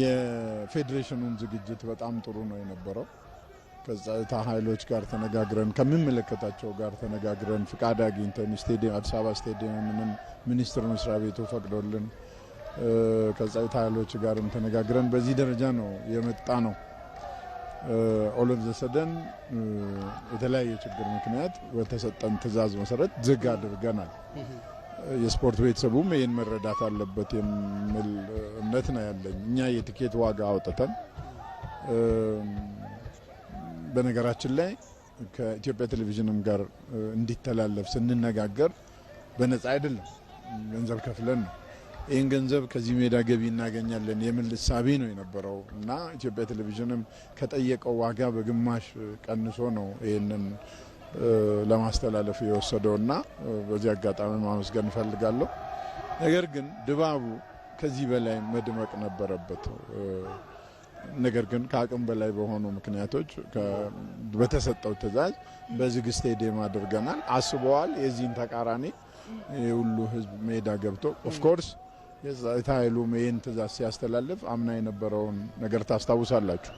የፌዴሬሽኑም ዝግጅት በጣም ጥሩ ነው የነበረው። ከጸጥታ ኃይሎች ጋር ተነጋግረን ከሚመለከታቸው ጋር ተነጋግረን ፍቃድ አግኝተን አዲስ አበባ ስቴዲየምንም ሚኒስትር መስሪያ ቤቱ ፈቅዶልን ከጸጥታ ኃይሎች ጋርም ተነጋግረን በዚህ ደረጃ ነው የመጣ ነው። ኦል ዘሰደን የተለያየ ችግር ምክንያት በተሰጠን ትእዛዝ መሰረት ዝግ አድርገናል። የስፖርት ቤተሰቡም ይህን መረዳት አለበት የሚል እምነት ነው ያለኝ። እኛ የትኬት ዋጋ አውጥተን በነገራችን ላይ ከኢትዮጵያ ቴሌቪዥንም ጋር እንዲተላለፍ ስንነጋገር በነጻ አይደለም፣ ገንዘብ ከፍለን ነው። ይህን ገንዘብ ከዚህ ሜዳ ገቢ እናገኛለን የሚል እሳቤ ነው የነበረው እና ኢትዮጵያ ቴሌቪዥንም ከጠየቀው ዋጋ በግማሽ ቀንሶ ነው ይህንን ለማስተላለፍ የወሰደውና በዚህ አጋጣሚ ማመስገን እንፈልጋለሁ። ነገር ግን ድባቡ ከዚህ በላይ መድመቅ ነበረበት። ነገር ግን ከአቅም በላይ በሆኑ ምክንያቶች በተሰጠው ትዕዛዝ በዝግ ስቴዲየም አድርገናል። አስበዋል። የዚህን ተቃራኒ የሁሉ ህዝብ ሜዳ ገብቶ ኦፍኮርስ የጸጥታ ኃይሉም ይህን ትእዛዝ ሲያስተላልፍ አምና የነበረውን ነገር ታስታውሳላችሁ።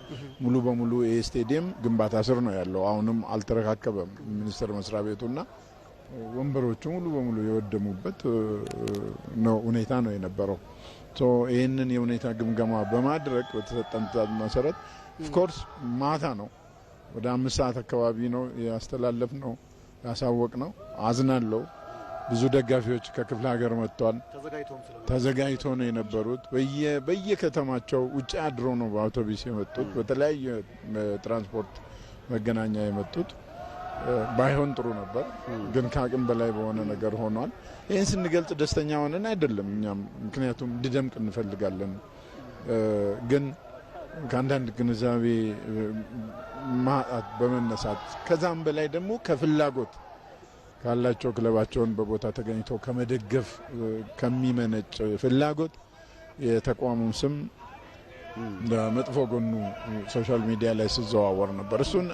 ሙሉ በሙሉ ይህ ስቴዲየም ግንባታ ስር ነው ያለው። አሁንም አልተረካከበም። ሚኒስቴር መስሪያ ቤቱና ወንበሮቹ ሙሉ በሙሉ የወደሙበት ነው ሁኔታ ነው የነበረው። ይህንን የሁኔታ ግምገማ በማድረግ በተሰጠን ትእዛዝ መሰረት ኦፍኮርስ ማታ ነው ወደ አምስት ሰዓት አካባቢ ነው ያስተላለፍ ነው ያሳወቅ ነው። አዝናለው ብዙ ደጋፊዎች ከክፍለ ሀገር መጥቷል። ተዘጋጅቶ ነው የነበሩት። በየከተማቸው ውጭ አድሮ ነው በአውቶቢስ የመጡት፣ በተለያዩ ትራንስፖርት መገናኛ የመጡት። ባይሆን ጥሩ ነበር፣ ግን ከአቅም በላይ በሆነ ነገር ሆኗል። ይህን ስንገልጽ ደስተኛ ሆነን አይደለም እኛም፣ ምክንያቱም እንዲደምቅ እንፈልጋለን። ግን ከአንዳንድ ግንዛቤ ማጣት በመነሳት ከዛም በላይ ደግሞ ከፍላጎት ካላቸው ክለባቸውን በቦታ ተገኝተው ከመደገፍ ከሚመነጭ ፍላጎት የተቋሙን ስም በመጥፎ ጎኑ ሶሻል ሚዲያ ላይ ሲዘዋወር ነበር። እሱን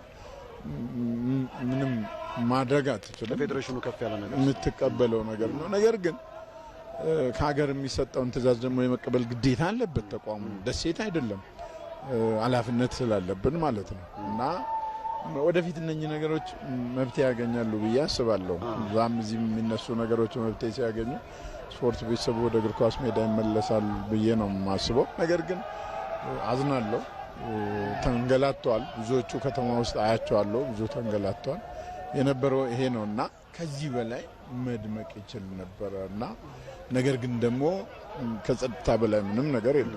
ምንም ማድረግ አትችልም። ፌዴሬሽኑ ከፍ ያለ ነገር የምትቀበለው ነገር ነው። ነገር ግን ከሀገር የሚሰጠውን ትዕዛዝ ደግሞ የመቀበል ግዴታ አለበት ተቋሙ። ደሴት አይደለም ኃላፊነት ስላለብን ማለት ነው እና ወደፊት እነኚህ ነገሮች መብቴ ያገኛሉ ብዬ አስባለሁ። እዛም እዚህም የሚነሱ ነገሮች መብቴ ሲያገኙ ስፖርት ቤተሰቡ ወደ እግር ኳስ ሜዳ ይመለሳል ብዬ ነው የማስበው። ነገር ግን አዝናለሁ። ተንገላቷል። ብዙዎቹ ከተማ ውስጥ አያቸዋለሁ። ብዙ ተንገላቷል። የነበረው ይሄ ነው እና ከዚህ በላይ መድመቅ ይችል ነበረ እና ነገር ግን ደግሞ ከጸጥታ በላይ ምንም ነገር የለም።